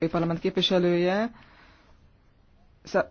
Parlament képviselője, de